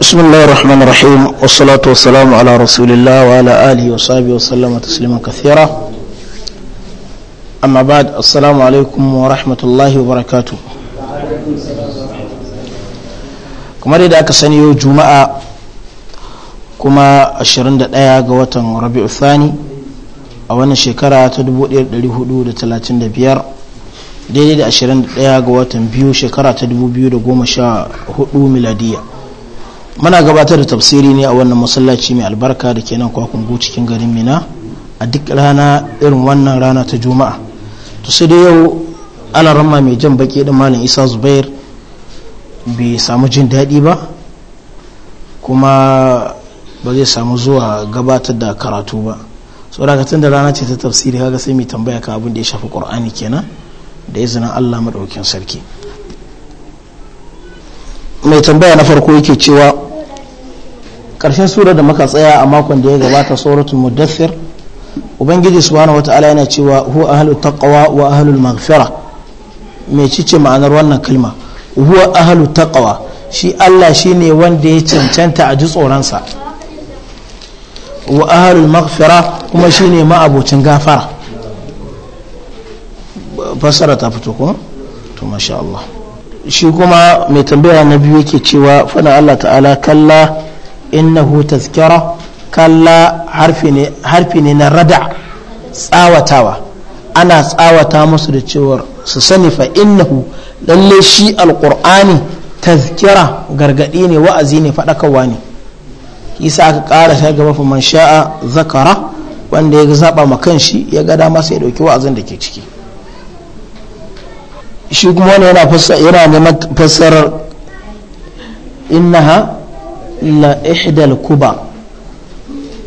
بسم الله الرحمن الرحيم والصلاة والسلام على رسول الله وعلى آله وصحبه وسلم تسليما كثيرا أما بعد السلام عليكم ورحمة الله وبركاته كما رأي داك سنيو جمعة كما أشرن دا دقايا قوة ربيع الثاني أولا شكرا تدبو إير تلاتين دا دا بيار أشرن دا دبيار daidai بيو شكرا تدبو بيو دا قوم شا 2014 miladiya muna gabatar da tafsiri ne a wannan masallaci mai albarka da ke nan kwakungu cikin garin mina a duk rana irin wannan rana ta juma'a to sai da yau rama mai jan baki da malam isa zubair bai samu jin daɗi ba kuma ba zai samu zuwa gabatar da karatu ba tsorakatun da rana ce ta tafsiri kaga sai mai tambaya ka abin da ya shafi ƙur'ani kenan da izinin allah maɗaukin sarki mai tambaya na farko yake cewa Karshen sura da muka tsaya a makon da ya gabata suratul muddathir ubangiji subhanahu wata'ala yana cewa huwa ahlu taqwa wa ahlu maghfira me cice ma'anar wannan kalma huwa ahlu taqwa shi Allah shine wanda ya cancanta a ji tsoronsa wa ahlu maghfira kuma shine ma'abocin gafara fasara ta fito ko to masha Allah shi kuma mai tambaya na biyu yake cewa fana Allah ta'ala kalla innahu tazkira kalla harfi ne na rada tsawatawa ana tsawata musu da cewar su sani fa innahu lalle shi alqur'ani tazkira gargadi ne wa'azi ne faɗakarwa ne isa aka ƙara sai gaba fa man sha'a zakara wanda ya zaba ma kanshi ya ga dama ya dauki wa'azin da ke ciki shi kuma wani yana neman fassarar innaha la ihdal kuba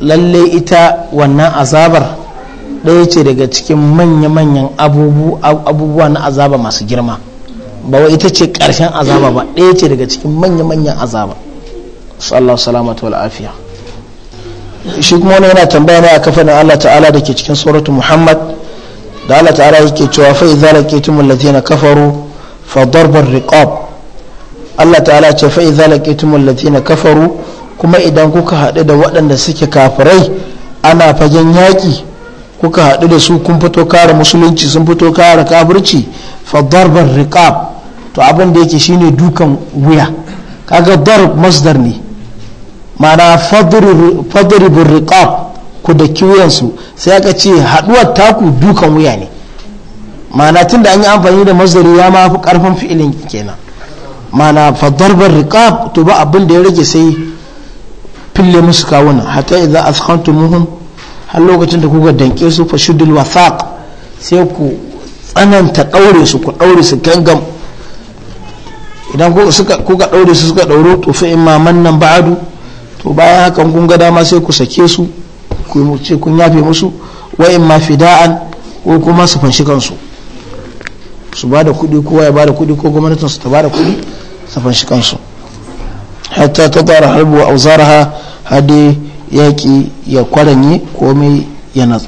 lalle ita wannan azabar ɗaya ce daga cikin manya-manyan abubuwa na azaba masu girma ba wa ita ce ƙarshen azaba ba ɗaya ce daga cikin manya-manyan azaba sallallahu salamatu wal afiya shi kuma wani yana tambaya ne a kafanin Allah ta'ala da ke cikin suratu Muhammad da Allah ta'ala yake cewa fa idza laqitumul ladina kafaru fa darbar riqab Allah ta'ala ce fa idza laqitum allatheena kafaru kuma idan kuka haɗu da waɗanda suke kafirai ana fagen yaki kuka haɗu da su kun fito kare musulunci sun fito kare kafirci fa darbar riqab to abin da yake shine dukan wuya kaga darb masdar ne ma'ana fadribur riqab ku da kiwayensu sai aka ce haɗuwar taku dukan wuya ne ma'ana tunda an yi amfani da masdari ya ma fi karfin fi'ilin kenan mana fadarbar riqab to ba abin da ya rage sai fille musu kawuna hatta idza askhantumuhum har lokacin da kuka danke su fa shuddul wasaq sai ku tsananta daure su ku daure su gangam idan kuka daure su suka dauro to fa imma mannan ba'adu to bayan hakan kun ga dama sai ku sake su ku ce kun yafe musu wa imma fida'an ko kuma su fanshi kansu su ba da kuɗi kowa ya bada da kuɗi ko gwamnatin su ta bada da kuɗi tsafan shi kansu hatta ta tsara harbu a uzaraha hade yaki ya kwaranye komai ya natsa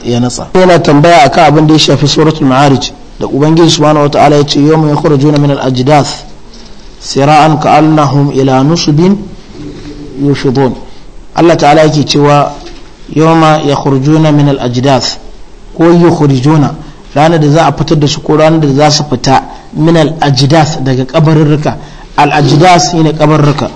yana tambaya akan abin da ya shafi suratul ma'arij da ubangiji subhanahu wataala ya ce yawma yakhrujuna min al sira'an ka'annahum ila nusubin yushidun Allah ta'ala yake cewa yawma yakhrujuna min al-ajdath ko yukhrijuna ranar da za a fitar da su ko ranar da za su fita min al daga kabarin rika al'ajidas ne kabarruka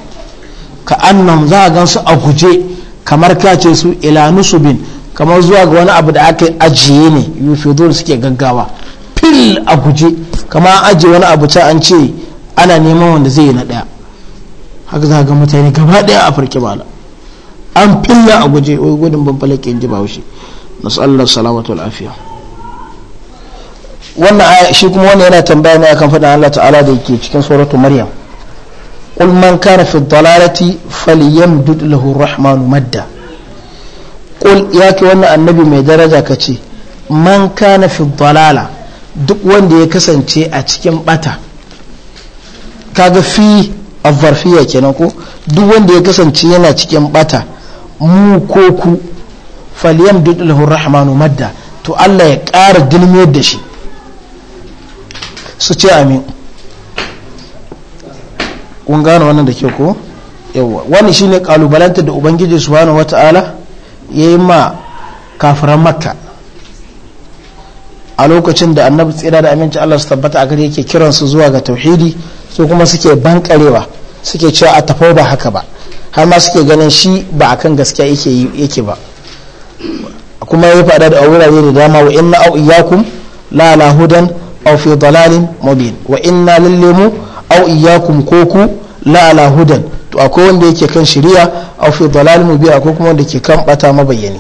ka annan za a gansu a guje kamar kace su ila nusubin kamar zuwa ga wani abu da aka yi ajiye ne yufidun suke gaggawa fil a guje kamar an ajiye wani abu ta an ce ana neman wanda zai yi na ɗaya haka za ga mutane gaba ɗaya a farki bala an filla a guje wai gudun babbalake in ji ba wuce nasu allah salamatu lafiya. wannan shi kuma wannan yana tambaya ne akan faɗin allah ta'ala da yake cikin suratul maryam قل من كان في الضلالة فليمدد له الرحمن مدا قل ياك وانا النبي ما درجة كتي من كان في الضلالة duk wanda ya kasance a cikin bata kaga fi azarfiya kenan ko duk wanda ya kasance yana cikin bata mu ko ku falyam dudulhu rahmanu madda to Allah ya ƙara dilmiyar da shi su ce amin kun gane wannan da ke ko yawa wani shine kalubalantar da ubangiji subhanahu wata'ala yayi ma kafiran makka a lokacin da annabi tsira da aminci Allah su tabbata a gari yake kiran su zuwa ga tauhidi su kuma suke ban karewa suke cewa a tafau ba haka ba har ma suke ganin shi ba a kan gaskiya yake ba kuma ya faɗa da wurare da dama wa inna au iyakum la lahudan hudan aw fi dalalin mubin wa inna lil au iyakum ko ku la ala hudan to akwai wanda yake kan shari'a au fi dalal mubin akwai kuma wanda ke kan bata mabayyani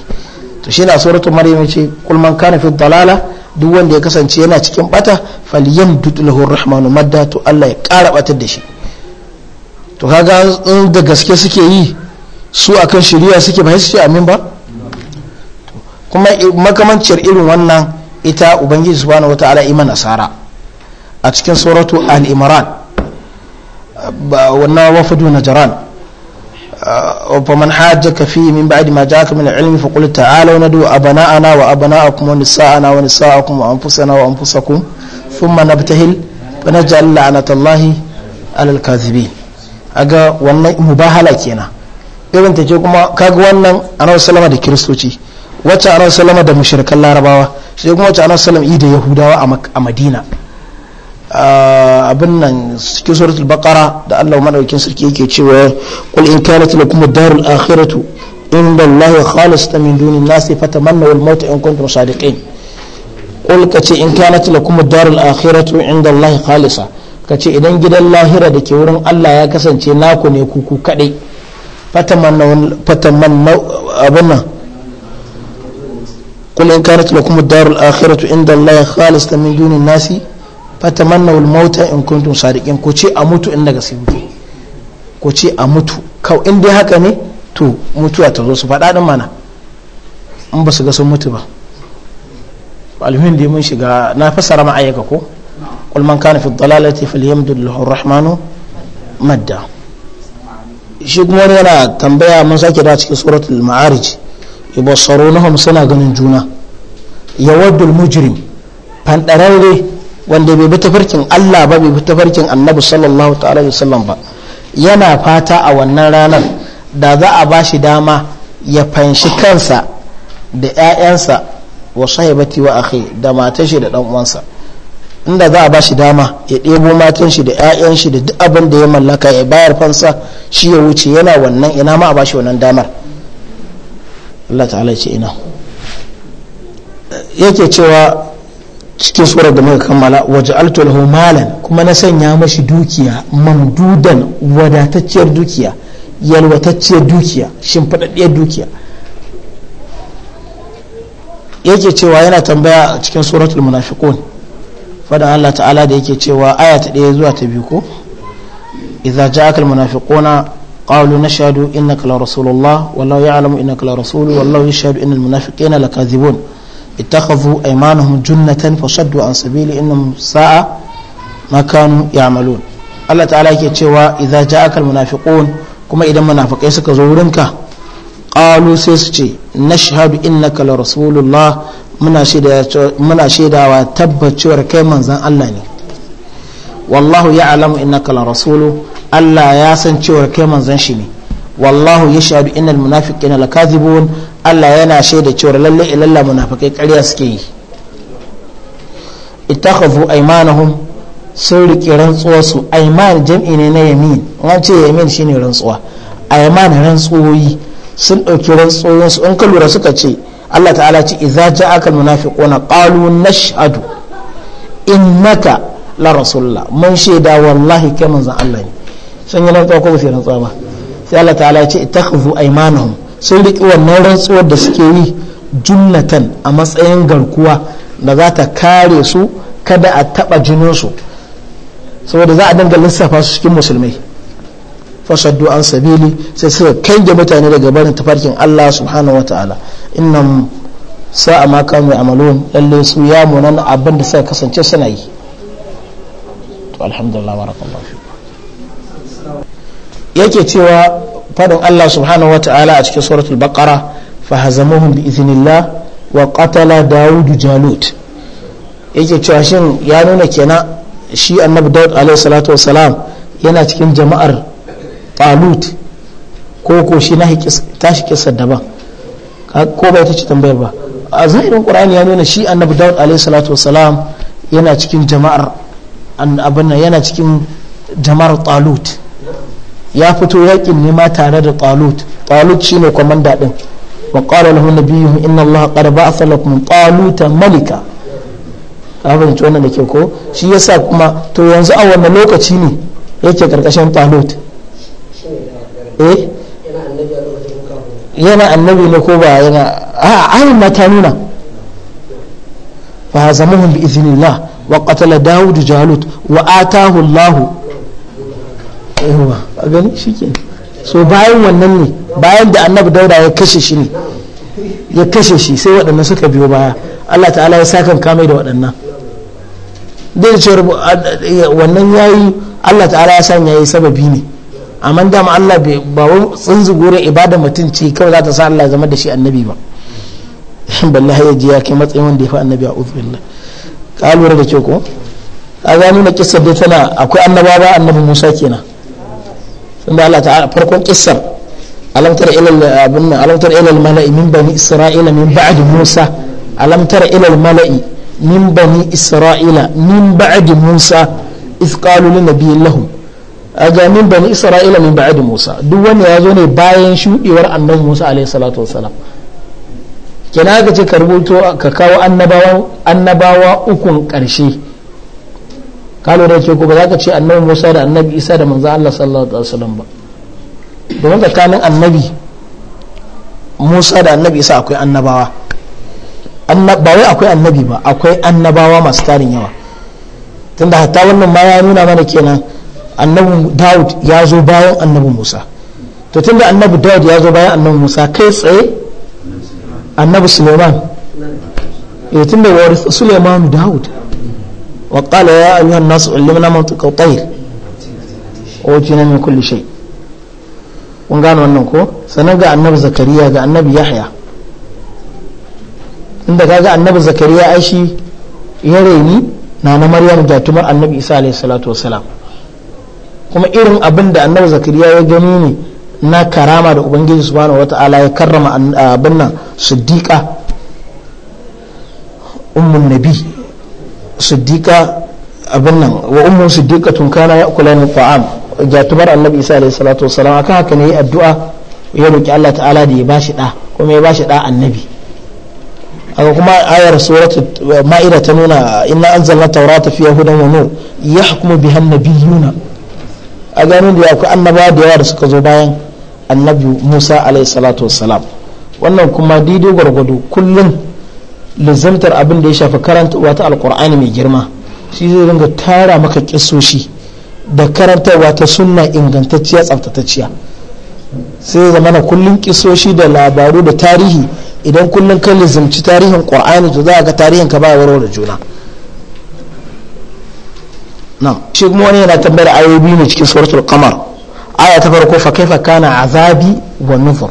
to shine a suratul maryam yace kul man kana fi dalala duk wanda ya kasance yana cikin bata falyamdud lahu rahmanu madda to Allah ya kara batar da shi to kaga in da gaske suke yi su akan shari'a suke ba su ce amin ba kuma makamanciyar irin wannan ita ubangiji subhanahu wataala ima nasara a cikin suratu al-imran والنوى وفد من جران ومن حاجك فيه من بعد ما جاءك من العلم فقل تعالوا ندعو أبناءنا وأبناءكم ونساءنا ونساءكم وأنفسنا وأنفسكم ثم نبتهل فنجعل لعنة الله على الكاذبين aga wannan mubahala kenan irin ta ke kuma kaga wannan annabi salama da kiristoci wacce annabi salama da mushrikan larabawa sai kuma wacce annabi salama yi da yahudawa a madina abin nan cikin suratul baqara da Allah madaukakin sarki yake cewa qul in kanat lakum ad-darul akhiratu inda Allah khalisatan min dunin nasi fatamannaw al-maut in kuntum sadiqin qul ce in kanat lakum ad-darul akhiratu inda Allah khalisa ka ce idan gidan lahira da ke wurin Allah ya kasance naku ne kuku kadai fatamannaw fatamannaw abin nan قل إن كانت darul الدار الآخرة عند الله خالصة min duni nasi. fatamanna wal mauta in kuntum sadiqin ko ce a mutu in daga sai ko ce a mutu kawai in dai haka ne to mutuwa ta zo su faɗa din mana in ba su ga sun mutu ba alhamdulillah dai mun shiga na fassara ma ayyaka ko qul man kana fi dhalalati lahu arrahmanu madda shi kuma wani yana tambaya mun sake da cikin suratul ma'arij yubassarunahum suna ganin juna yawaddul mujrim fandararre wanda bai bi tafarkin Allah ba bai bi tafarkin annabi sallallahu ta'ala wa sallam ba yana fata a wannan ranar da za a ba shi dama ya fanshi kansa da 'ya'yansa wa sahibati wa akhi da matan shi da dan uwansa inda za a ba shi dama ya ɗebo matan shi da 'ya'yan shi da duk abin da ya mallaka ya bayar fansa shi ya wuce yana wannan ina ma a ba shi wannan damar Allah ta'ala ce ina yake cewa cikin tsoron da muka kammala waje lahu malan kuma na sanya mashi dukiya mamdudan wadatacciyar dukiya yalwatacciyar dukiya shimfiɗaɗɗiyar dukiya yake cewa yana tambaya a cikin suratul munafiqun fadan Allah ta'ala da yake cewa aya ta ɗaya zuwa ta biyu ko idza ja'aka almunafiquna qalu nashhadu innaka la rasulullah wallahu ya'lamu innaka la rasulu wallahu yashhadu innal munafiqina lakazibun اتخذوا أيمانهم جنة فصدوا عن سبيلي إنهم ساء ما كانوا يعملون الله تعالى يكتشوا إذا جاءك المنافقون كما إذا منافقين سكزورنك قالوا سيسجي نشهد إنك لرسول الله muna shaidawa tabbacewar kai manzan Allah ne wallahu ya alamu innaka la rasulu Allah ya san cewar kai manzan shi ne wallahu ya shahadu innal munafiqina Allah yana shaida cewa lalle ilalla munafikai ƙarya suke yi ittakhadhu aymanahum sun riƙe rantsuwa su ayman jam'i ne na yamin an ce yamin shine rantsuwa ayman rantsuwoyi sun ɗauki rantsuwoyin su in ka lura suka ce Allah ta'ala ce idza ja'aka almunafiquna qalu nashhadu innaka la rasulullah mun shaida wallahi kai manzon Allah ne sun yi rantsuwa ko ba su rantsuwa ba sai Allah ta'ala ya ce ittakhadhu aymanahum sun riƙi wannan rantsuwar da suke yi junnatan a matsayin garkuwa da za ta kare su kada a taɓa jininsu saboda za a dinga lissafa su cikin musulmai fasaddu an sabili sai suka kange mutane daga barin tafarkin Allah subhanahu wa ta'ala innan sa'a ma kanu amalun lalle su ya munan abin da suka kasance suna yi to alhamdulillah barakallahu yake cewa fadin Allah subhanahu wa ta'ala a cikin suratul baqara fahazamuhum bi idhnillah wa qatala Dawudu jalut yake cewa shin ya nuna kenan shi annabi daud alaihi salatu wassalam yana cikin jama'ar talut ko ko shi na tashi kisa daban ko bai ta ci tambayar ba a zahirin qur'ani ya nuna shi annabi daud alaihi salatu yana cikin jama'ar abin yana cikin jama'ar ya fito yakin nema tare da talut talut shine kwamanda din wa qala lahu nabiyuhum inna allaha qad ba'atha lakum taluta malika ka fahimci wannan da ke ko shi yasa kuma to yanzu a wannan lokaci ne yake karkashin talut eh yana annabi ne ko ba yana a ayin ma ta nuna fa hazamuhum bi idhnillah wa qatala daud jalut wa atahu allah yawa a gani ke so bayan wannan ne bayan da annabi dauda ya kashe shi ne ya kashe shi sai waɗannan suka biyo baya Allah ta'ala ya kan kame da waɗannan duk da cewar wannan ya yi Allah ta'ala ya san yi sababi ne amma dama Allah ba wani tsunzugurin ibadan mutum ce kawai za ta sa Allah zama da shi annabi ba ballahi ya ji ya kai matsayin wanda ya fi annabi a uzbillah ka lura da ke ko a gano na kisa dai tana akwai annaba ba annabi Musa kenan inda Allah ta'ala farkon kissar alam tara ila malai min bani isra'ila min ba'di musa alam tara ila al-mala'i min bani isra'ila min ba'di musa iz qalu lin nabiyyin lahum aga min bani isra'ila min ba'di musa duk wanda ya zo ne bayan shudewar annabi musa alaihi salatu wassalam ka ce ka kawo annabawa ukun karshe ka lura ce ko ba za ka ce annabi musa da annabi isa da manzo allah sallallahu alaihi wasallam ba domin tsakanin annabi musa da annabi isa akwai annabawa ba wai akwai annabi ba akwai annabawa masu tarin yawa tunda hatta wannan ma ya nuna mana kenan annabi daud ya zo bayan annabi musa to tunda annabi daud ya zo bayan annabi musa kai tsaye annabi suleiman eh tunda wa suleiman daud وقال يا أيها الناس علمنا منطق الطير وجينا من كل شيء ونقال ونقول سنقع النبي زكريا قع النبي يحيى inda kaga annabi zakariya ai shi ya raini na na maryam jatumar annabi isa alayhi salatu wasalam kuma irin abinda annabi zakariya ya gani ne na karama da ubangiji subhanahu wata'ala ya karrama abin nan siddiqa ummun nabi siddiqa abin nan wa ummu siddiqatun kana ya'kulani ta'am jatubar annabi isa alaihi salatu wassalam aka haka ne addu'a ya roki Allah ta'ala da ya bashi da kuma ya bashi da annabi haka kuma ayar suratu ma'ida ta nuna inna anzalna tawrata fiha hudan wa nur yahkumu biha nabiyuna a ganin da akwai annaba da yawa da suka zo bayan annabi Musa alaihi salatu wassalam wannan kuma didi gwargwado kullum lizamtar abin da ya shafi karanta wata alkur'ani mai girma shi zai ringa tara maka kisoshi da karantarwa ta sunna ingantacciya tsaftatacciya sai ya zamana kullum kisoshi da labaru da tarihi idan kullum kan lizamci tarihin qur'ani to za ga tarihin ka ba waro da juna na shi kuma wani yana tambayar ayoyi ne cikin suratul qamar aya ta farko fa kaifa kana azabi wa nufur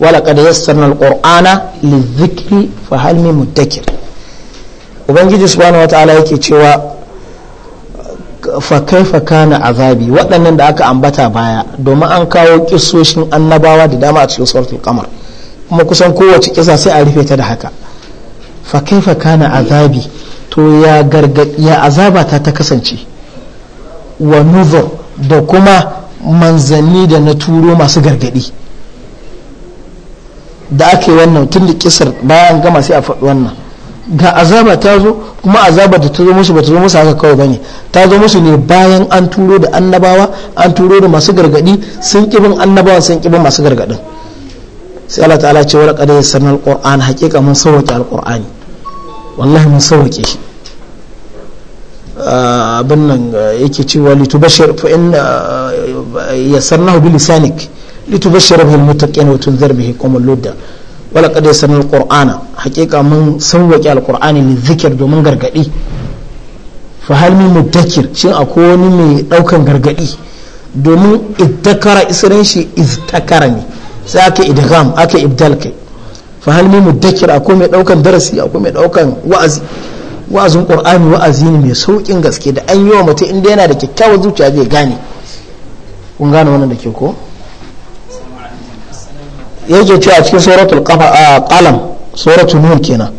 ولقد يسرنا القرآن للذكر فهل من مدكر ubangiji subhanahu ala yake cewa fa fa kana azabi waɗannan da aka ambata baya domin an kawo kisoshin annabawa da dama a cikin suratul kamar kuma kusan kowace kisa sai a rufe ta da haka fa fa kana azabi to ya gargaɗi ya azaba ta ta kasance wa nuzur da kuma manzanni da na turo masu gargaɗi da ake wannan tun da kisar bayan gama sai a faɗi wannan ga azaba ta zo kuma azaba da ta zo musu ba ta zo musu haka kawai bane ta zo musu ne bayan an turo da annabawa an turo da masu gargadi sun kibin annabawa sun kibin masu gargadin sai Allah ta'ala ce wala qad yassarna alquran haqiqa mun sauke alqurani wallahi mun sauke shi ah, abin nan yake cewa litubashir fa in yassarnahu bilisanik litubashshira bihi almuttaqin wa tunzir bihi kuma ludda wala kadai yasanna alqur'ana haqiqa mun sawwaki alqur'ani zikir domin gargadi fa hal min muddakir shin akwai wani mai daukan gargadi domin idakara isran shi iztakara ne sai aka idgham aka ibdal kai fa hal min muddakir akwai mai daukan darasi akwai mai daukan wa'azi wa'azin qur'ani wa'azi ne mai saukin gaske da an yi wa mutum inda yana da kyakkyawar zuciya zai gane kun gane wannan da ke ko yake ce a cikin suratul qalam suratul nun kenan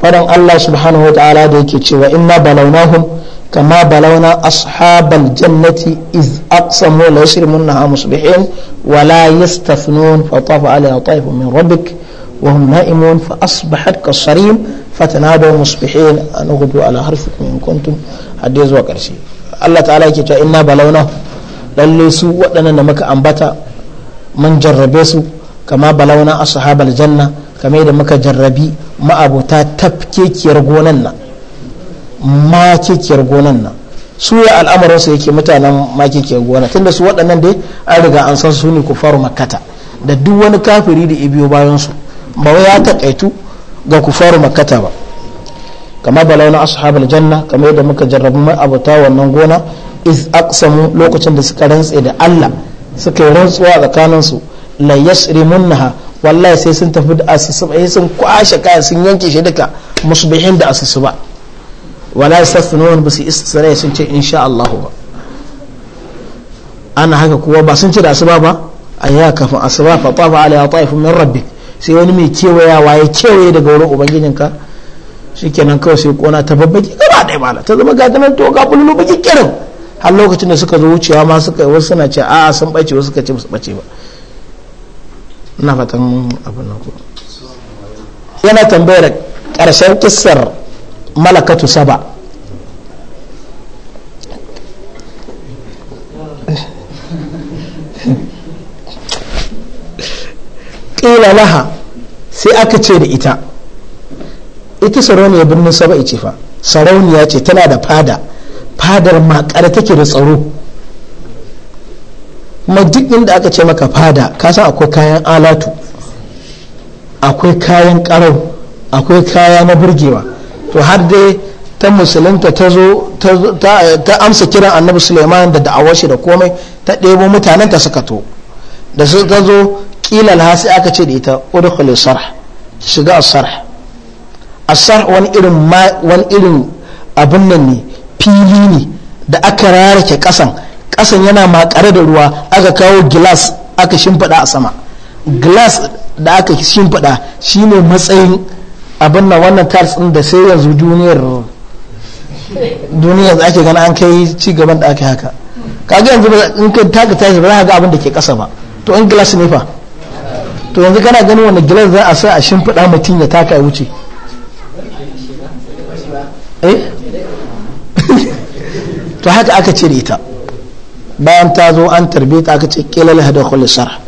fadan Allah subhanahu wataala da yake cewa inna balawnahum kama balauna ashabal jannati iz aqsamu la yusrimunha musbihin wa la yastafnun fa tafa alayha taifun min rabbik wa hum na'imun fa asbahat kasarim fatanadu musbihin an ghudu ala harfikum in kuntum hadde karshe Allah ta'ala yake cewa inna balawna lalle su waɗannan da muka ambata mun jarrabe su kama balauna ashabal janna kamar yadda muka jarrabi ma'abota tafkekiyar gonan nan kekiyar gonan nan su ya su yake mutanen ma kekiyar gonan tunda su waɗannan dai an riga an san su ne ku kufaru makata da duk wani kafiri da biyo bayan su ba wai ya taƙaitu ga ku kufaru makata ba kama balauna ashabal janna kamar yadda muka jarrabi ma'abuta wannan gona iz aqsamu lokacin da suka rantse da Allah suka yi rantsuwa tsakaninsu la munnaha wallahi sai sun tafi da asusuba eh, sun kwashe kaya sun yanke shi duka musbihin da asusuba wala nuna ba su istisra sun ce insha Allah ba ana haka kuwa ba sun ce da asuba ba haka kafin asuba fa tafa alaiha taifun min rabbi sai wani mai kewayawa ya kewaye daga wurin ubangijinka shikenan kawai sai kona ta babbaki gaba ɗaya mala ta zama gatanan to ga bululu baki kirin har lokacin da suka zo wucewa ma suka wasu suna ce a sun bace wasu suka ce su bace ba ina fatan abin nan yana tambayar ƙarshen kissar malakatu saba ƙila laha sai aka ce da ita ita sarauniya birnin saba ce fa sarauniya ce tana da fada fadar makare take da tsaro Ma duk inda aka ce maka fada ka san akwai kayan alatu akwai kayan karau akwai kaya na burgewa to har dai ta musulunta ta zo ta amsa kiran annabi suleiman da da'awar shi da komai ta ɗebo mutanen ta suka to da su ta zo kila alhasi aka ce da ita udkhulu sarh shiga sarh asar wani irin wani irin abin nan ne fili ne da aka rarake kasan Kasan yana makare da ruwa aka kawo gilas aka shimfiɗa a sama gilas da aka shimfiɗa shine matsayin abin na wannan tars din da sai yanzu duniyar duniyar ake gana an kai ci gaban da aka haka kaga yanzu in kai taka tashi ba za ka ga abin da ke kasa ba to in gilas ne fa to yanzu kana ganin wani gilas za a sa a shimfiɗa mutum ya taka ya wuce eh? to haka aka cire ta bayan ta zo an tarbe ta aka ce kilal hada khulisar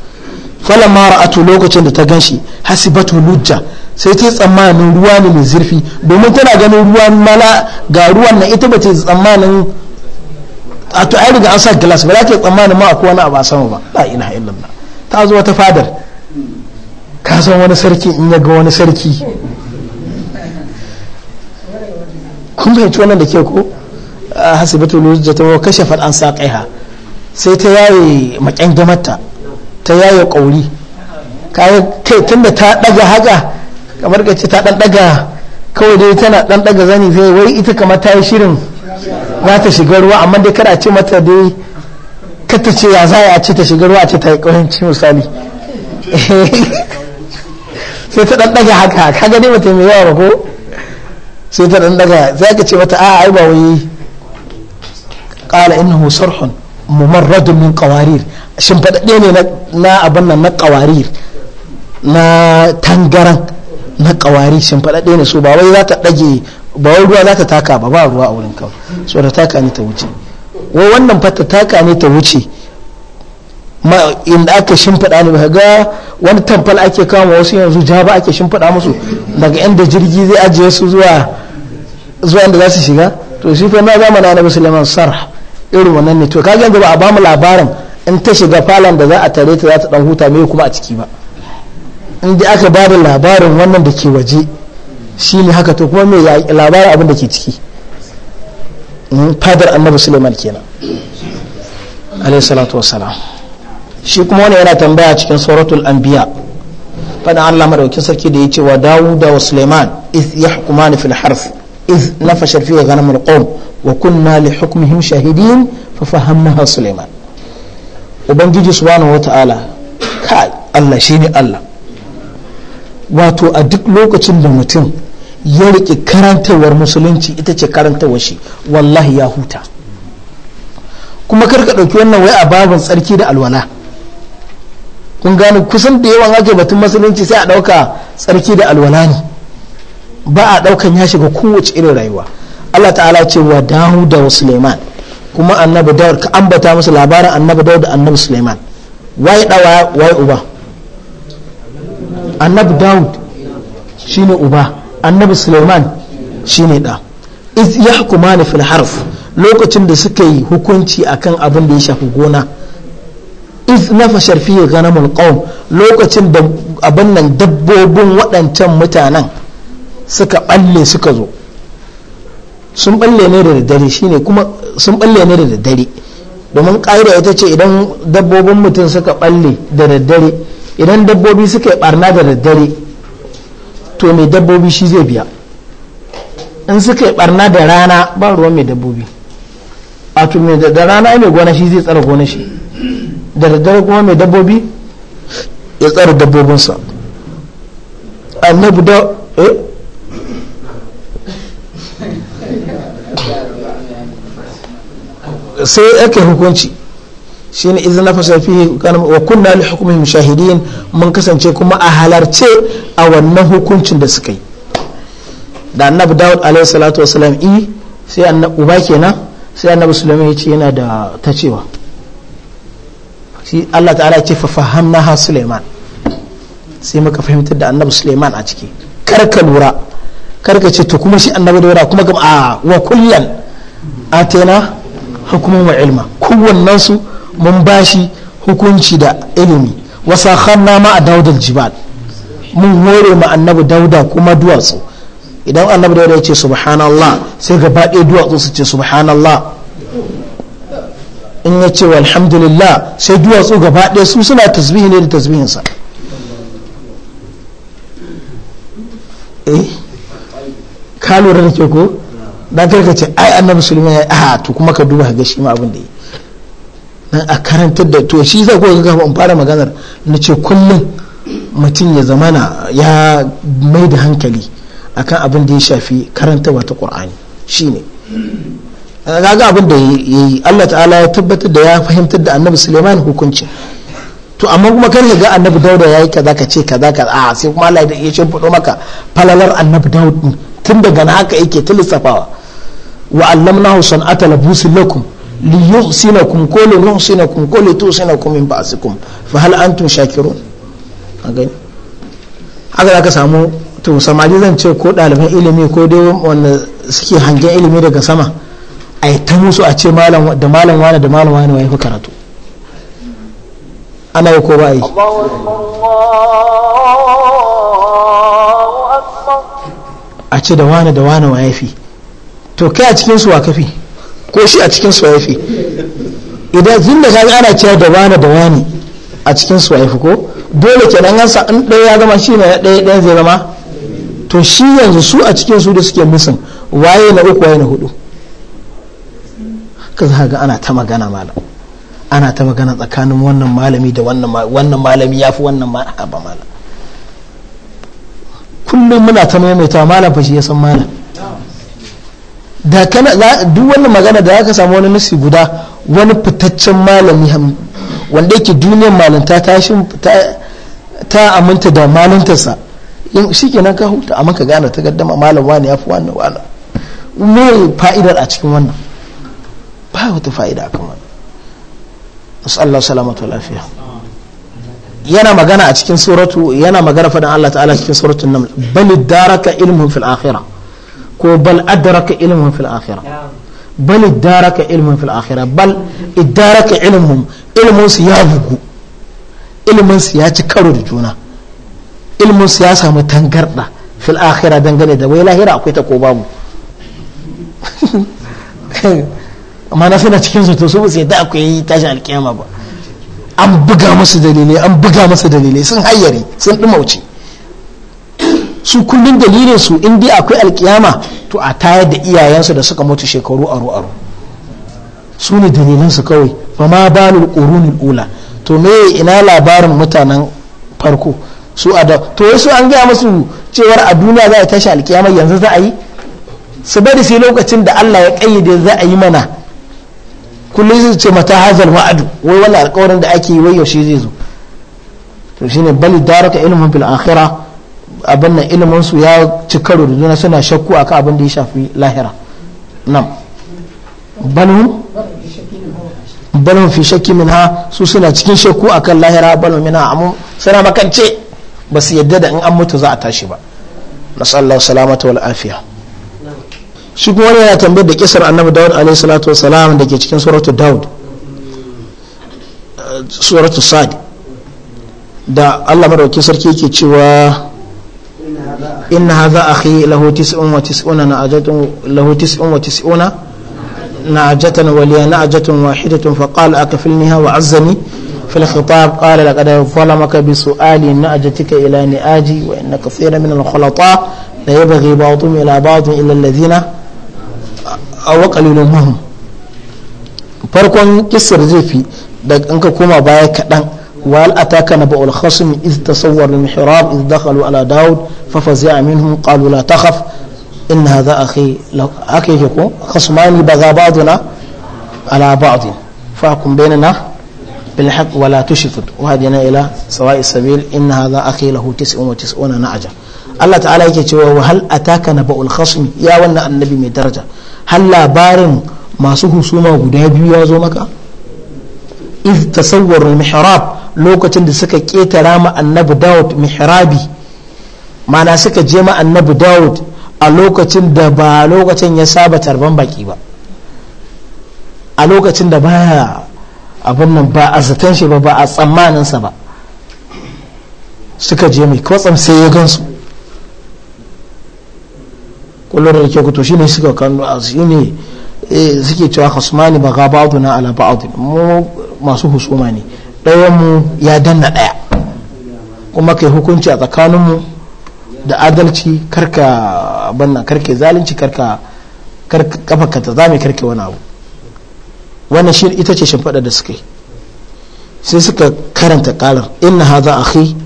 falan mara atu lokacin da ta ganshi hasibatu lujja sai ta tsammanin ruwa ne mai zurfi domin tana ganin ruwan mala ga ruwan na ita ba ta tsammanin a to ai riga an sa glass ba za ta tsammanin ma akwai wani abu a sama ba la ilaha illallah ta zo ta fadar ka san wani sarki in ya ga wani sarki kun fahimci wannan da ke ko ah, hasibatu lujja ta kashe fad an sa kaiha sai ta yaye makyangamata ta yaye kauri kayan kai tunda ta ɗaga haka kamar ka ce ta ɗan ɗaga kawai dai tana ɗan ɗaga zani zai wai ita kama ta yi shirin za ta shiga ruwa amma dai kada a ce mata dai kata ce ya za a ce ta shiga ruwa a ce ta yi ƙawanci misali sai ta ɗan ɗaga haka ka gani mata mai yawa ba ko sai ta ɗan ɗaga za ka ce mata a ai ba wai ƙala innahu sarhun mumarradun min qawarir shimfadadde ne na abin nan na qawarir na tangaran na qawari shimfadadde ne so ba wai za ta ɗage ba wai ruwa za ta taka ba ba ruwa a wurin kawai so da taka ne ta wuce wai wannan fata taka ne ta wuce ma da aka shimfiɗa ne ba ga wani tamfal ake kama wasu yanzu jaba ake shimfiɗa musu daga inda jirgi zai ajiye su zuwa zuwa inda za su shiga to shi fa na zamana na musulman sarh irin wannan ne to kaga yanzu ba a bamu labarin in ta shiga falon da za a tare ta za ta dan huta mai kuma a ciki ba in dai aka ba da labarin wannan da ke waje shine haka to kuma me labarin abin da ke ciki hmm, fadar annabi suleiman kenan alayhi salatu wassalam shi kuma wani yana tambaya cikin suratul anbiya fada Allah madaukin sarki da yace wa Dawuda wa Suleiman iz yahkumani fil harf إذ نفشت فيه غنم القوم وكنا لحكمهم شاهدين ففهمناها سليمان وبنجي سبحانه وتعالى كاي الله شيني الله واتو أدك لوكة لمتن ya rike karantawar musulunci ita ce karantawar shi wallahi ya huta kuma kar ka ɗauki wannan wai a babin tsarki da alwala kun gane kusan da yawan ake batun musulunci sai a ɗauka tsarki da alwala ne ba a daukan ya shiga kowace irin rayuwa Allah ta'ala ce wa dahu da Suleiman kuma annabi Dawud ka ambata musu labarin annabi Dawud da annabi Suleiman wai dawa wai uba annabi Dawud shine uba annabi Suleiman shine da iz yahkumani fil harf lokacin da suka yi hukunci akan abin da ya shafi gona iz nafashar fiye ganamul qaum lokacin da abin nan dabbobin waɗancan mutanen suka balle suka zo sun balle ne da daddare shine kuma sun balle ne da daddare domin ƙa'ida ita ce idan dabbobin mutum suka balle da daddare idan dabbobi suka yi barna da daddare to mai dabbobi shi zai biya in suka yi barna da rana ba ruwan mai dabbobi a to mai da rana mai gona shi zai tsara gona shi da daddare kuma mai dabbobi ya tsara dabbobinsa annabi da eh sai ake hukunci shi ne izina fasa fi wa kunna li hukumin shahidin mun kasance kuma a halarce a wannan hukuncin da suka yi da annabi dawud alaihi salatu wasalam i sai annabi uba kenan sai annabi sulaiman ya ce yana da ta cewa shi Allah ta'ala ya ce fa fahamna ha sulaiman sai muka fahimtar da annabi sulaiman a ciki kar ka lura kar ka ce to kuma shi annabi da kuma ga a wa kullan atena hukuman wa ilma su mun bashi hukunci da ilimi wasa khanna ma a daudar jibal mun hore ma annabi dauda kuma duwatsu idan annabi dauda ya ce subhanallah sai gaba ɗaya duwatsu su ce subhanallah in ya ce walhamdulillah sai duwatsu gaba ɗaya su suna tasbihi ne da tasbihinsa eh ka lura da ke ko dan karkace annabi sulaiman ya a to kuma ka duba ga shi ma abin da yi nan a karantar da to shi zai kuka ga in fara maganar na ce kullum mutum ya zamana ya mai da hankali akan abin da ya shafi karantarwa ta qur'ani shine ga abin da yayi Allah ta'ala ya tabbatar da ya fahimtar da annabi Sulaiman hukunci to amma kuma kan ga annabi Dauda yayi kaza ka ce kaza ka a sai kuma Allah ya ce fudo maka falalar annabi Daud tun daga na haka yake ta lissafawa وعلمناه صنعة لبوس لكم ليحسنكم كل نحسنكم ko توسنكم من ko فهل أنتم min ba'sikum fa hal antum samu to samari zan ce ko ɗaliban ilimi ko dai wanda suke hangen ilimi daga sama a ta musu a ce da malam wani da malam wani wani karatu ana yi ko ba yi a ce da wani da wani wani fi to kai a cikin su wa kafi ko shi a cikin su ya fi idan zin da kaga ana cewa da wani da wani a cikin su ya fi ko dole ke an sa in ɗaya ya zama shi ne ɗaya ɗaya zai zama to shi yanzu su a cikin su da suke musun waye na uku waye na hudu ka za ga ana ta magana malam ana ta magana tsakanin wannan malami da wannan malami ya fi wannan ba malam kullum muna ta maimaita malam shi ya san malam da kana duk wannan magana da zaka samu wani nasi guda wani fitaccen malami wanda yake duniyar malanta ta ta aminta da malantarsa in shikenan ka huta amma ka gane ta gaddama malam wani fi wani wala me fa'idar a cikin wannan ba wata fa'ida akan wannan sallallahu salamatu lafiya yana magana a cikin suratu yana magana fadin Allah ta'ala cikin suratul nan bal daraka ilmun fil akhirah ko bal adraka ilmun fil akhirah bal idaraka ilmun fil akhirah bal idaraka ilmun ilmun su ya bugu ilmun su ya ci karo da juna ilmun su ya samu tangarda fil akhirah dangane da wai lahira akwai ta ko babu amma na suna cikin su to su ba su da akwai tashin alkiyama ba an buga masa dalilai an buga masa dalilai sun hayyare sun dumauce su kullum dalilin su in dai akwai alkiyama to a tayar da iyayensu da suka mutu shekaru aro aro su ne dalilan su kawai ba ma ni qurunul ula to me ina labarin mutanen farko su a da to wasu an gaya musu cewar a duniya za a tashi alkiyama yanzu za a yi su bari sai lokacin da Allah ya kayyade za a yi mana kullum su ce mata hazal ma'adu wai wannan alƙawarin da ake yi wai yaushe zai zo to shine bali daraka ilmun bil akhirah abin nan ilimin su ya ci karo da juna suna shakku akan abin da ya shafi lahira nam balon balon fi shakki ha su suna cikin shakku akan lahira min ha amma suna makance ba su yadda da in an mutu za a tashi ba nasallahu salamata wal afiya shi kuma wani yana tambayar da kisar annabi dawud alayhi salatu wasalam da ke cikin suratul dawud suratul sad da Allah madaukakin sarki yake cewa إن هذا أخي له تسع وتسعون نعجة له تسع وتسعون نعجة ولي نعجة واحدة فقال أكفلنها وعزني في الخطاب قال لقد ظلمك بسؤال نعجتك إلى نعاجي وإن كثيرا من الخلطاء لا يبغي بعضهم إلى بعض إلا الذين أو قليل منهم farkon kisar zai fi da in ka koma baya kaɗan وهل أتاك نبأ الخصم إذ تصور المحراب إذ دخلوا على داود ففزع منهم قالوا لا تخف إن هذا أخي لو أخي يقول خصمان بغى بعضنا على بعض فأكم بيننا بالحق ولا تشفت وهدينا إلى سواء السبيل إن هذا أخي له تسع وتسعون نعجة الله تعالى يكتب وهل أتاك نبأ الخصم يا ون النبي من درجة هل لا بارن ما سوه سوما غدابي يا زومك إذ تصور المحراب lokacin da suka ƙetara ma annabi dawud mihrabi mana suka je ma annabi dawud a lokacin da ba lokacin ya saba tarban baki ba a lokacin da baya abin nan ba a zaton shi ba ba a tsammaninsa ba suka je mai kwatsam sai ya gansu kullum da ke kuto ne suka kanu a ne eh, suke cewa hasmani ba ga ba'adu na ala ba'adu mu masu husuma ne ɗayanmu ya danna ɗaya kuma kai hukunci a tsakaninmu da adalci karka banna karke zalunci karka kafa ta zame karke wani abu wannan shi ita ce shimfiɗa da suka yi sai suka karanta ƙarar inna haza akhi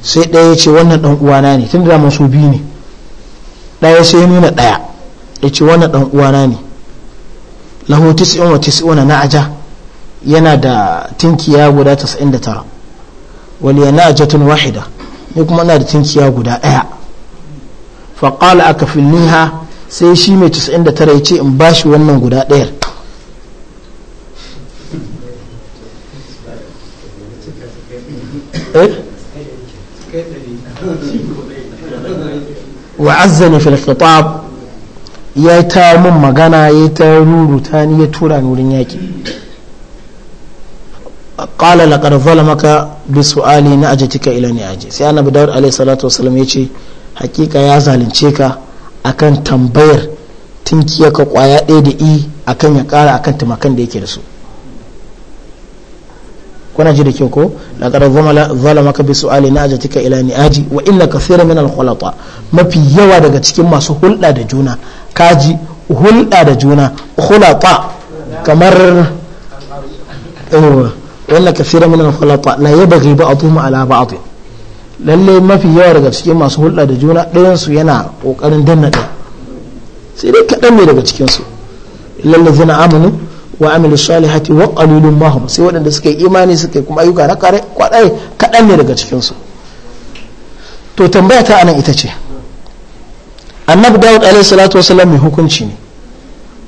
sai ɗaya ya ce wannan ɗan uwana ne tun da masu biyu ne ɗaya sai ya nuna ɗaya ya ce wannan ɗan uwana ne lahotis yin wa tis'una na'aja yana da tinkiya guda 99 wani yana ajatun wahida ni kuma na da tinkiya guda daya a kafin niha sai shi mai 99 ce in bashi wannan guda eh? wa wa'azzani fil khitab ya ta mun magana ya ta rurutani ya tura ni wurin yaki qala laqad zalamaka bi su'ali na ajatika ila ni aji sai annabi daud alaihi salatu wasallam yace hakika ya zalunce ka akan tambayar tinkiya ka kwaya ɗaya da i akan ya ƙara akan tumakan da yake da su kuna ji da kyau ko laqad zalamaka bi su'ali na ajatika ila ni aji wa inna kathira min al khulata mafi yawa daga cikin masu hulɗa da juna kaji hulɗa da juna khulata kamar wanda kafira min falata khulafa la yabghi ba'dhum ala ba'd lalle mafi yawa daga cikin masu hulɗa da juna ɗayan su yana kokarin danna ɗaya sai dai kaɗan ne daga cikin su lalle zina amanu wa amilu salihati wa qalilun mahum sai waɗanda suka yi imani suka yi kuma ayyuka na kare kwaɗai kaɗan ne daga cikin su to tambaya ta anan ita ce annabi dawud alaihi salatu wasallam mai hukunci ne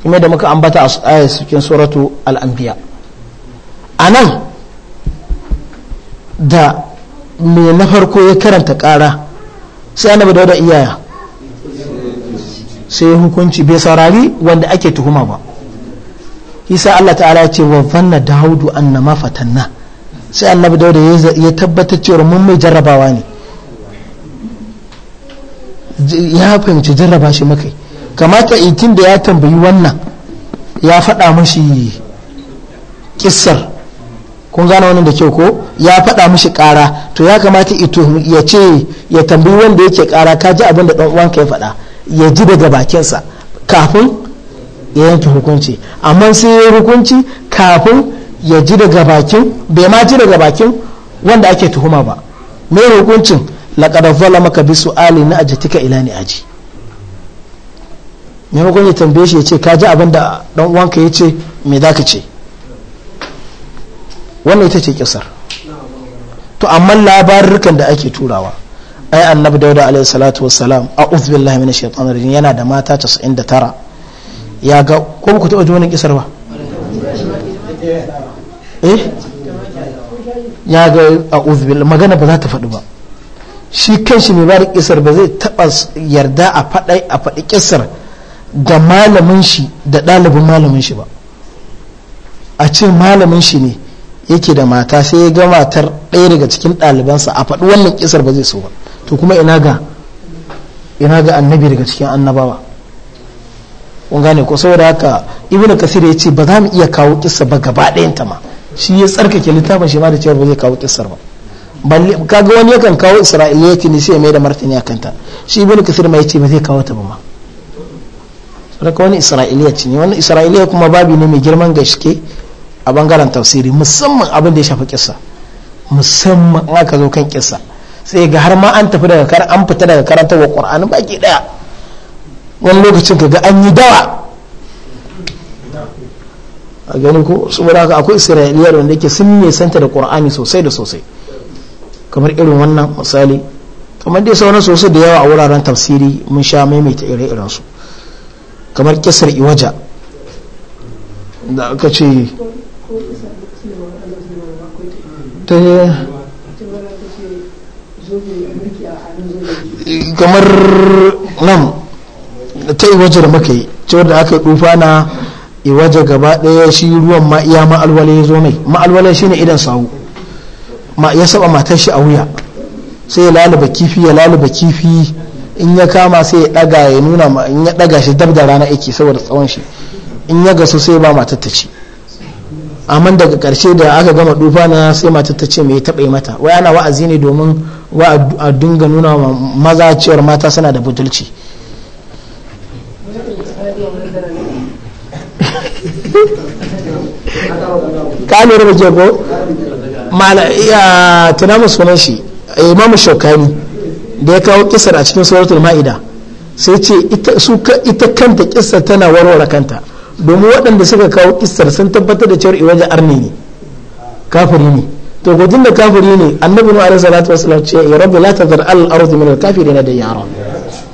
kuma da muka ambata a cikin suratu al-anbiya a nan da mai na farko ya karanta ƙara sai annabi dauda iyaya sai hukunci bai saurari wanda ake tuhuma ba isa Allah ta'ala ya ce wa fanna daudu annama fatanna sai annabi dauda ya tabbatar cewa mun mai jarrabawa ne ya fahimci jarraba shi makai kamata itin da ya tambayi wannan ya faɗa mashi kissar kun gane wannan da kyau ko ya faɗa mishi kara to ya kamata ya ce ya tambayi wanda yake kara ka ji abin da ɗan uwanka ya faɗa ya ji daga bakinsa kafin ya yanke hukunci amma sai ya hukunci kafin ya ji daga bakin bai ma ji daga bakin wanda ake tuhuma ba me hukuncin laqad zalama ka bi su'ali na ajtika ila ni aji maimakon ya tambaye shi ya ce ka ji abin da ɗan uwanka ya ce me za ka ce wannan ita ce kisar to amma labarukan da ake turawa ai annabi dauda alaihi salatu wassalam a billahi minash shaitanir rajim yana da mata 99 ya ga ko ku taba ji wannan kisar ba eh ya ga a billahi magana ba za ta faɗi ba shi kan shi mai bada kisar ba zai taba yarda a faɗai a faɗi kisar ga malamin shi da ɗalibin malamin shi ba a ce malamin shi ne yake da mata sai ya ga matar ɗaya daga cikin ɗalibansa a faɗi wannan kisar ba zai so ba to kuma ina ga ina ga annabi daga cikin annabawa kun gane ko saboda haka ibnu kasir ya ce ba za mu iya kawo kissa ba gaba ɗayan ta ma shi ya tsarkake littafin shi ma da cewa ba zai kawo kissar ba kaga wani yakan kawo isra'iliyati ne sai ya mai da martani akan ta shi ibnu kasir ma ya ce ba zai kawo ta ba ma saboda wani isra'iliya ne wani isra'iliya kuma babi ne mai girman gaske a bangaren tafsiri musamman abin da ya shafi kissa musamman in aka zo kan kissa sai ga har ma an tafi daga karanta an fita daga karantarwa qur'ani baki daya wani lokacin ka ga an yi dawa a ganin ko saboda haka akwai isra'iliyar wanda yake sun santa da qur'ani sosai da sosai kamar irin wannan misali kamar dai sauran sosai da yawa a wuraren tafsiri mun sha maimaita ire-iren su kamar kisar iwaja da aka ce kamar nan ta yi da muka yi ce wadda aka dufa na yi waje gaba daya shi ruwan ma iya ma'alwale ya zo mai ma'alwale shi ne idan sawu ma ya saba matar shi a wuya sai ya lalaba kifi ya lalaba kifi in ya kama sai ya daga ya nuna in ya daga shi dab da rana yake saboda tsawon shi in ya gasu sai ba matar ta ci amma daga karshe da aka gama dufa na sai mata ta ce mai taɓa yi mata wai ana wa'azi ne domin wa a dinga nuna maza cewar mata suna da butulci kamar da ke ko tuna musu sunan shi imam shokani da ya kawo kisar a cikin suratul ma'ida sai ce ita kanta kisar tana warware kanta domin waɗanda suka kawo kistar sun tabbatar da cewar iwaja arni ne kafiri ne to gudun da kafiri ne annabi nuhu alaihi salatu wasallam ce ya rabbi la tadhar al ard min al kafirin da yara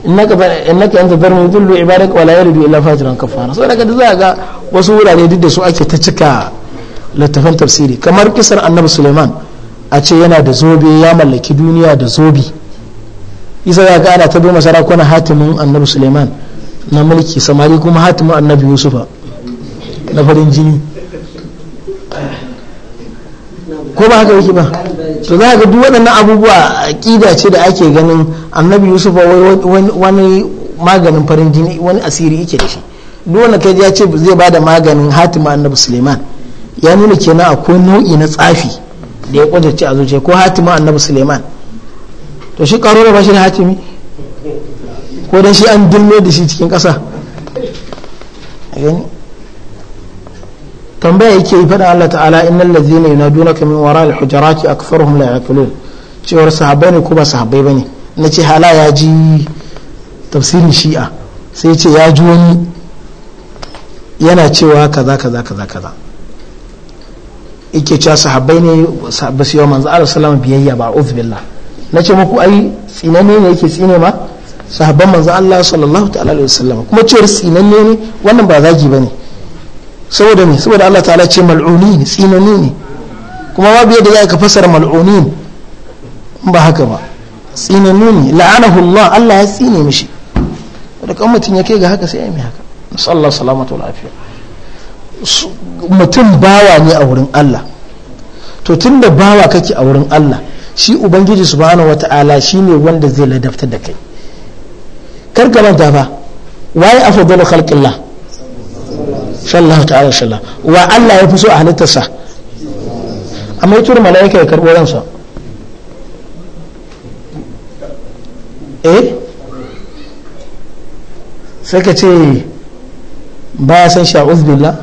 innaka innaka anta dharmu yudillu ibadak wa la yaridu illa fajiran kafara daga da za ga wasu wurare duk da su ake ta cika littafan tafsiri kamar kisar annabi suleiman a ce yana da zobe ya mallaki duniya da zobe isa ya ga ana ta bi masarakuna hatimin annabi suleiman na mulki samari kuma hatimin annabi yusufa na farin jini ko ba haka yake ba to za ga duk waɗannan abubuwa ƙida ce da ake ganin annabi yusufa wani maganin farin jini wani asiri yake da shi duk wanda kai ya ce zai ba da maganin hatima annabi suleiman ya nuna kenan akwai nau'i na tsafi da ya kwatance a zuciya ko hatima annabi suleiman to shi karo da bashi da hatimi ko dan shi an dillo da shi cikin ƙasa tambaya yake yi faɗa Allah ta'ala innal na yunadunaka min wara a hujarati aktharuhum la yaqilun cewar sahabbai ne ko ba sahabbai bane nace hala ya ji tafsirin shi'a sai ce ya ji wani yana cewa kaza kaza kaza kaza yake cewa sahabbai ne ba su yi manzo Allah salama biyayya ba uzbillah nace muku ai tsinane ne yake tsine ma sahabban manzon Allah sallallahu ta'ala alaihi wasallam kuma cewar tsinanne ne wannan ba zagi bane saboda me saboda Allah ta'ala ce ne tsinanne ne kuma babu yadda za ka fasara mal'unin ba haka ba tsinanne ne la'anahu Allah Allah ya tsine mishi da kan mutum ya kai ga haka sai ya yi haka musallar salamatu lafiya mutum bawa ne a wurin Allah to tun da bawa kake a wurin Allah shi ubangiji subhanahu wata'ala shine wanda zai ladabta da kai kar ka manta fa waye afdalu khalqillah sallallahu ta'ala sallam wa Allah ya fi so a halittarsa amma ya tura malaika ya karbo ransa eh sai ka ce ba ya san sha'uz billah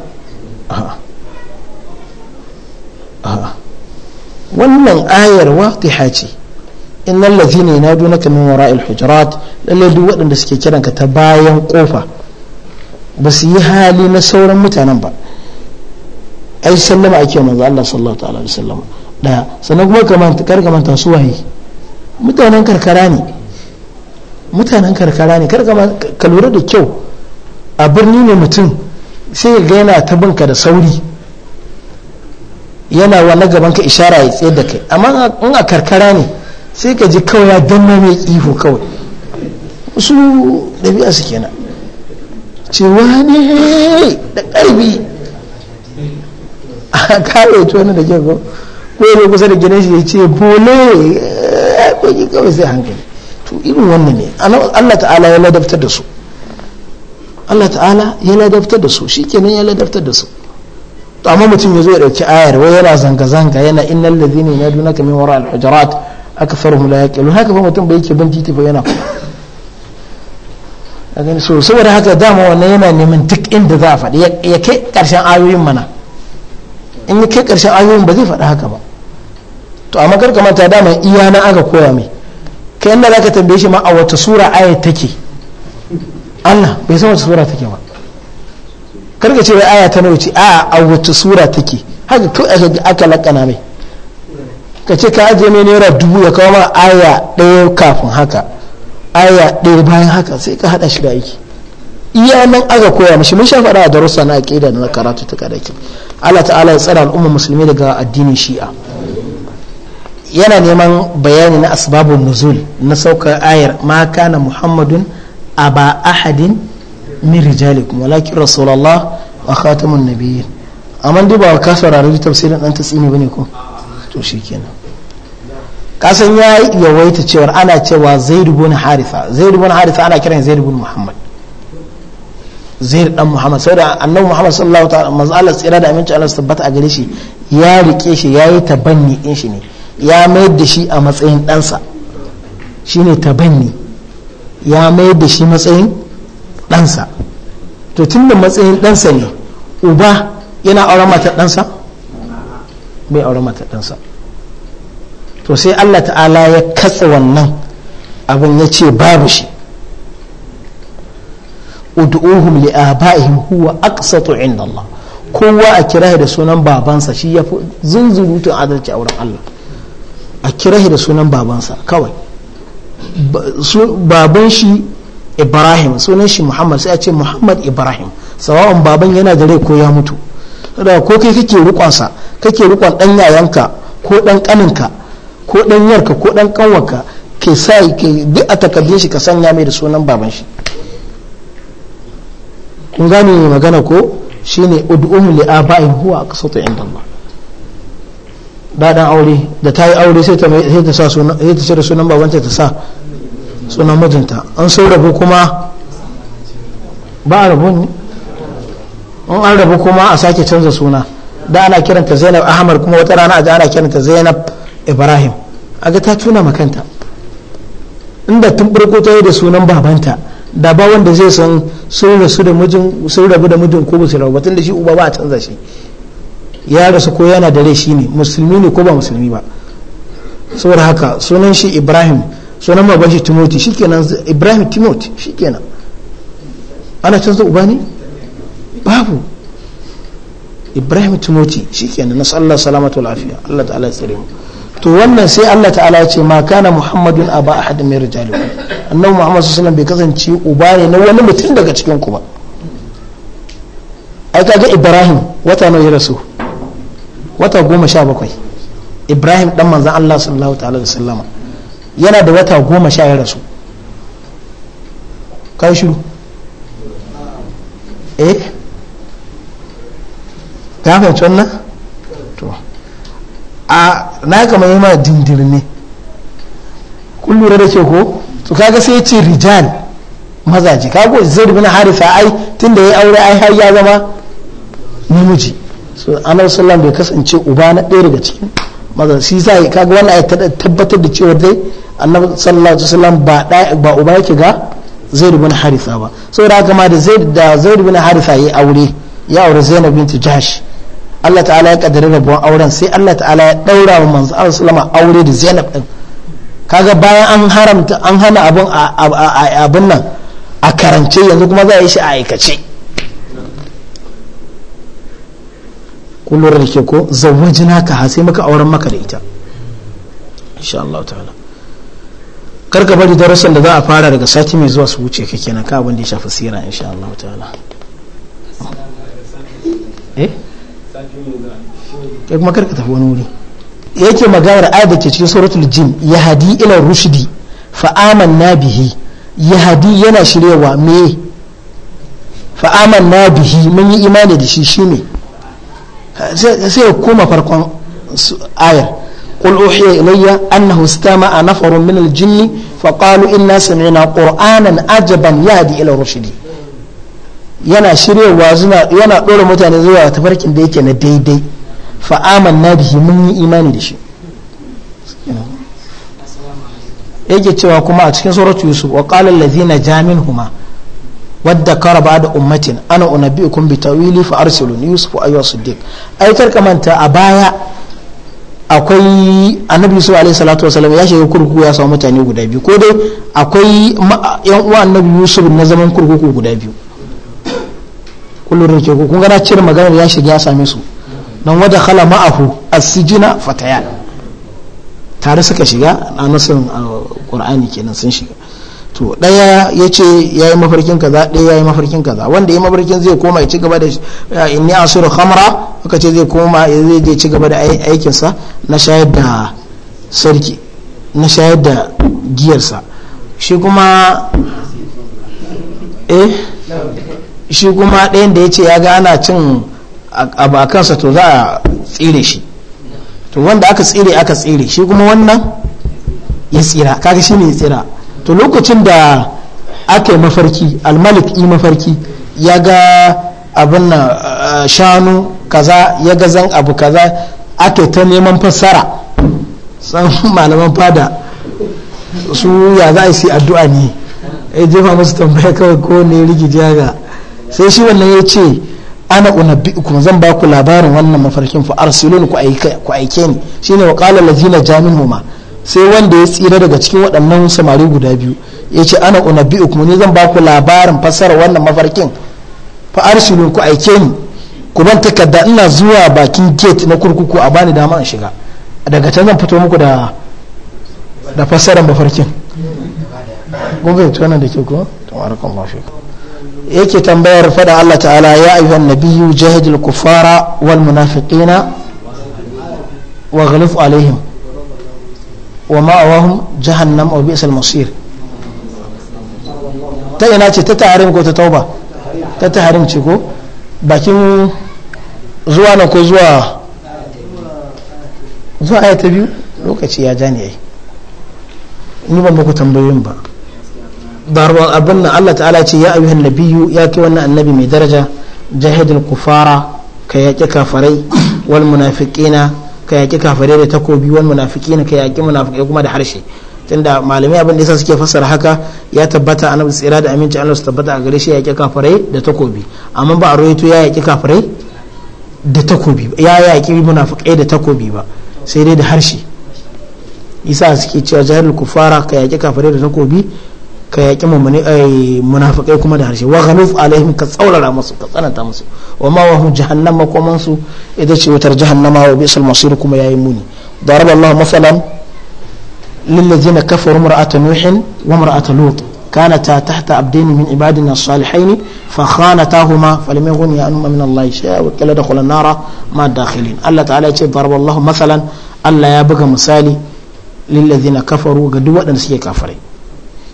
wannan ayar waqtiha ce innal ladhina yanadunaka min wara'il hujurat lalle duk waɗanda suke kiran ka ta bayan kofa ba su yi hali na sauran mutanen ba ai sallama ake yi manzo Allah sallallahu ta'ala alaihi wasallam daya sannan kuma kamanta karkamanta su waye mutanen karkara ne mutanen karkara ne karkama ka lura da kyau a birni ne mutum sai ga yana ta binka da sauri yana wa na gaban ka ishara ya tsaye da kai amma in a karkara ne sai ka ji kawai ya danna mai ihu kawai su ɗabi'a su kenan ce ne da ƙarfi a kawai ta wani da ke ko ko kusa da gina shi ya ce bole ya kogi kawai sai hankali to irin wannan ne Allah ta'ala ya ladabtar da su Allah ta'ala ya ladabtar da su kenan ya ladabtar da su to amma mutum ya zo ya dauki ayar wai yana zanga zanga yana innal na dunaka min wara al hujarat aktharuhum la yaqilun haka fa mutum bai yake bin titi ba yana a gani so saboda haka dama wannan yana neman duk inda za a faɗi ya kai ƙarshen ayoyin mana in ya kai ƙarshen ayoyin ba zai faɗi haka ba to amma kar kamata dama iya na aka koya mai kai inda zaka tambaye shi ma a wata sura aya take Allah bai san wata sura take ba kar ka ce wai aya ta nawa ce a a wata sura take haka kawai aka lakana mai ka ce ka ajiye mai naira dubu ya kawo ma aya ɗaya kafin haka aya ɗaya bayan haka sai ka haɗa shi da aiki iya nan aka koya mashi mun sha faɗa a darussa na aƙida na karatu ta kadaki Allah ta'ala ya tsara al'ummar musulmi daga addinin shi'a yana neman bayani na asbabun nuzul na saukar ayar ma kana muhammadun aba ahadin min rijalikum walakin rasulullah wa khatamun nabiyyin amma duba ba ka saurari tafsirin dan tatsini bane ko to shikenan kasan ya yawaita cewar ana cewa zaid ibn harifa zaid ibn harifa ana kiran zaid ibn muhammad zaid dan muhammad saboda annabi muhammad sallallahu ta'ala manzo Allah tsira da aminci Allah tabbata a gare shi ya rike shi yayi tabanni din shi ne ya mayar da shi a matsayin ɗansa shine tabanni ya mayar da shi matsayin ɗansa to tun da matsayin ɗansa ne uba yana auren matar ɗansa bai auren matar ɗansa to sai Allah ta'ala ya katsa wannan abin ya ce babu shi ud'uhum li abaihim huwa aqsatu inda Allah kowa a kira da sunan babansa shi ya fi zunzurutun adalci a wurin Allah a kira da sunan babansa kawai baban shi ibrahim sunan shi muhammad sai a ce muhammad ibrahim sawa'un baban yana da rai ko ya mutu da ko kai kake rukonsa kake rukon dan yayanka ko dan kaninka ko dan yarka ko dan kanwarka ke sa ke duk a takardun shi ka sanya mai da sunan baban shi kun gane magana ko shine ud'um li aba'in huwa aqsatu inda Allah da dan aure da ta yi aure sai ta sai ta sa sunan sai ta sunan ta sa sunan mijinta an sau rabu kuma ba a rabu ne an an rabu kuma a sake canza suna da ana kiranta Zainab Ahmad kuma wata rana a ana kiranta Zainab ibrahim aga ta tuna makanta inda tun barko ta yi da sunan babanta da ba wanda zai san sun rasu da mijin sun rabu da mijin ko su rabu batun da shi uba ba a canza shi ya rasu ko yana da rai shi ne musulmi ne ko ba musulmi ba saboda haka sunan shi ibrahim sunan baban shi timoti shikenan ibrahim timoti shikenan ana canza uba ne babu ibrahim timoti shikenan na nasallahu salamatu lafiya allah ta'ala ya tsare mu to wannan sai Allah ta'ala ya ce ma kana muhammadun aba ahad min rijalikum annan muhammad sallallahu bai kasance uba ne na wani mutum daga cikin ku ba ai kaga ibrahim wata nawa ya rasu wata goma sha bakwai ibrahim dan manzan Allah sallallahu ta'ala da sallama yana da wata goma sha ya rasu kai shiru eh ka fahimci wannan to a na kama yi ma ne kun lura da ke ko to kaga sai ya ce rijal mazaje kaga zai bin harisa ai tunda ya aure ai har ya zama namiji so anar sallam bai kasance uba na ɗaya daga cikin maza shi sa kaga wannan ai tabbatar da cewa dai annabi sallallahu alaihi wasallam ba ba uba yake ga zaid bin harisa ba saboda haka ma da zaid da zaid bin harisa ya aure ya aure zainab binti jahsh Allah ta'ala ya kaddari rabuwan auren sai Allah ta'ala ya daura wa manzo Allah sallama aure da Zainab din kaga bayan an haramta an hana abun abun nan a karance yanzu kuma za a yi shi a aikace kullum da ke ko zawajina ka sai maka auren maka da ita insha Allah ta'ala karka bari darasin da za a fara daga sati mai zuwa su wuce kake na ka abin ya shafi sira insha ta'ala eh ya kuma karka tafi wani wuri yake maganar ayat cikin suratul jin yahadi ila rushdi yana shiryawa me fa amanna bihi mun yi imani da shi shine sai ya koma farkon ayar قل أوحي إلي أنه استمع نفر من الجن فقالوا إنا سمعنا قرآنا عجبا يهدي إلى الرشد yana wa zuna yana ɗora mutane zuwa tafarkin da yake na daidai fa'aman na bihi mun yi imani da shi yake cewa kuma a cikin suratu yusuf wa qala allazina jamin huma wadda kara ba da ummatin ana unabi'ukum bi tawili fa arsilun yusuf ayyuha siddiq ai karkamanta a baya akwai annabi yusuf alaihi salatu Salam ya shiga kurkuku ya samu mutane guda biyu ko dai akwai yan uwa annabi yusuf na zaman kurkuku guda biyu kullum da ke kun gana cire maganar ya shiga ya same su don wajen khala ma'ahu asijina fatayan tare suka shiga a nasarar qur'ani kenan sun shiga to daya ya ce ya yi mafarkin kaza daya ya yi mafarkin kaza wanda ya mafarkin zai koma ya ci gaba da inni asuru khamra aka ce zai koma ya zai je ci gaba da aikinsa na shayar da sarki na shayar da giyarsa shi kuma eh shi kuma ɗayan da ya ce ya ga ana cin abu a to za a tsire shi to wanda aka tsire aka tsire shi kuma wannan ya tsira kaga shi ne ya tsira to lokacin da aka yi mafarki almalik yi mafarki ya ga abin na eh, shanu kaza ya ga zan abu kaza ake ta neman fassara san malaman fada su ya za a yi addu'a ne ya jefa musu tambaya kawai ko ne rigiji ga sai shi wannan ya ce ana kuma zan ba ku labarin wannan mafarkin fa arsilun ku aike ku aike ni shine wa qala allazina jaminhuma sai wanda ya tsira daga cikin waɗannan samari guda biyu ya ce ana kuma ne zan ba ku labarin fasara wannan mafarkin fa arsilun ku aike ni ku ban takarda ina zuwa bakin gate na kurkuku a bani dama in shiga daga can zan fito muku da da fassarar mafarkin gobe tana da ke ko tabarakallahu fikum yake tambayar fada Allah ta'ala ya ayyuhan nabiyyu jahidil kufara wal munafiqina wa ghalif alaihim wa ma'awahum jahannam wa bi'sal masir ta ina ce ta taharim ko ta tauba ta taharim ce ko bakin zuwa na ko zuwa zuwa aya ta biyu lokaci ya ja ne yayi ni ban ku tambayoyin ba barwa abin nan Allah ta'ala ce ya ayyuhan nabiyyu ya kai wannan annabi mai daraja jahidul kufara ka yaƙi kafarai wal munafiqina ka yaƙi kafarai da takobi wal munafiqina ka yaƙi munafiqai kuma da harshe tunda malamai abin da yasa suke fassara haka ya tabbata annabi tsira da aminci Allah su tabbata a gare shi ya yaƙi kafarai da takobi amma ba a rawaito ya yaƙi kafarai da takobi ya yaƙi munafiqai da takobi ba sai dai da harshe isa suke cewa jahilul kufara ka yaƙi kafarai da takobi ka yaƙi mummuni ai munafikai kuma da harshe wa ghaluf alaihim ka tsaurara musu ka tsananta musu wa ma wahum jahannama kuma su ita ce wutar jahannama wa bi'sal masir kuma yayi muni daraba Allah masalan lillazina kafaru mar'ata nuhin wa ta lut كانتا تحت عبدين من عبادنا الصالحين فخانتاهما فلم يغن عنهما من الله شيئا وكلا دخل النار ما الداخلين الله تعالى يقول ضرب الله مثلا الله يبقى مثالي للذين كفروا قد ودن سي كافرين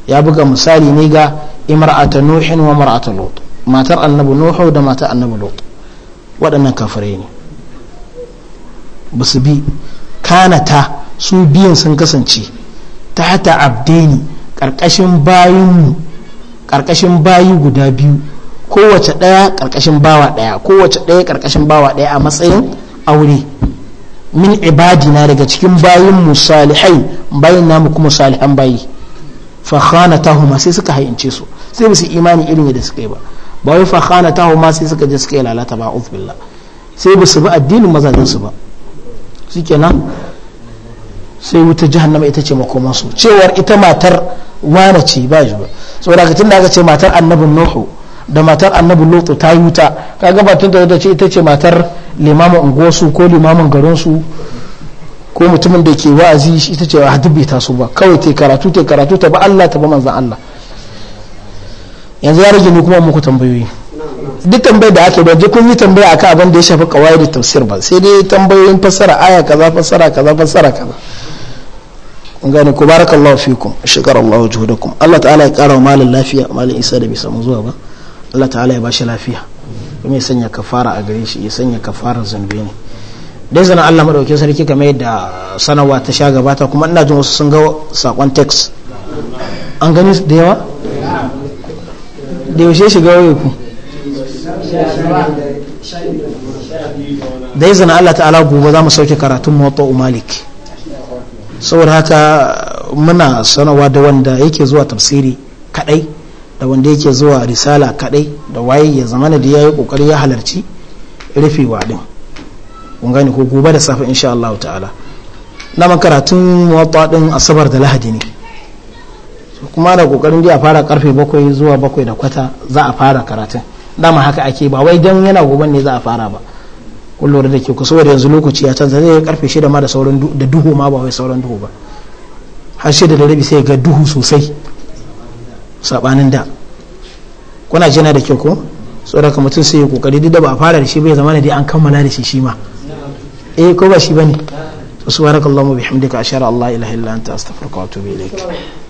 ya buga misali ne ga imra'ata nuhin wa mar'ata lut matar annabi nuhu da matar annabi lut waɗannan kafirai ne su bi kanata su biyan sun kasance ta hata abdeni ƙarƙashin bayinmu ƙarƙashin bayi guda biyu kowace ɗaya ƙarƙashin bawa ɗaya kowace ɗaya ƙarƙashin bawa ɗaya a matsayin aure min ibadina daga cikin bayinmu salihai bayin namu kuma salihan bayi fa khanatahuma sai suka hayince su sai ba su imani irin yadda suka yi ba ba wai fa khanatahuma sai suka je suka yi lalata ba uz billah sai ba su bi addinin mazajen su ba shikenan sai wuta jahannama ita ce makoman su cewar ita matar wane ce ba shi ba saboda tun da aka ce matar annabin nuhu da matar annabin lutu ta yi wuta kaga batun da ce ita ce matar limamin unguwarsu ko limamin garinsu ko mutumin da ke wa'azi shi ita ce dubbe ta su ba kawai ta karatu ta karatu ta ba Allah ta ba manzan Allah yanzu ya rage ni kuma muku tambayoyi duk tambayi da ake bai kun yi tambaya akan abin da ya shafi kawai da tafsir ba sai dai tambayoyin fassara aya kaza fassara kaza fassara kaza kun gane ku barakallahu fikum shukar Allah juhudakum Allah ta'ala ya kara malin lafiya malin isa da bai samu zuwa ba Allah ta'ala ya bashi lafiya kuma ya sanya kafara a gare shi ya sanya kafara zambe ne da zana Allah madaukakin sarki kamar yadda sanarwa ta sha gabata kuma ina jin wasu sun ga sakon text an gani da yawa da yaushe shiga wuri ku da zana Allah ta'ala gobe za mu sauke karatun mawata malik saboda haka muna sanarwa da wanda yake zuwa tafsiri kadai da wanda yake zuwa risala kadai da waye ya zamana da ya yi kokari ya halarci rufewa din kun gani ko gobe da safe insha Allah ta'ala na karatun muwatta din asabar da lahadi ne kuma da kokarin ji a fara karfe bakwai zuwa bakwai da kwata za a fara karatun dama haka ake ba wai dan yana gobe ne za a fara ba kun lura da ke ku saboda yanzu lokaci ya canza zai karfe shida ma da sauran da duhu ma ba wai sauran duhu ba har shida da rabi sai ga duhu sosai sabanin da kuna jina da ke ko saboda mutum sai ya kokari duk da ba a fara da shi bai zama da an kammala da shi shi ma eh ko ba shi bane subhanakallahumma bihamdika ashhadu an la ilaha illa anta astaghfiruka wa atubu ilaik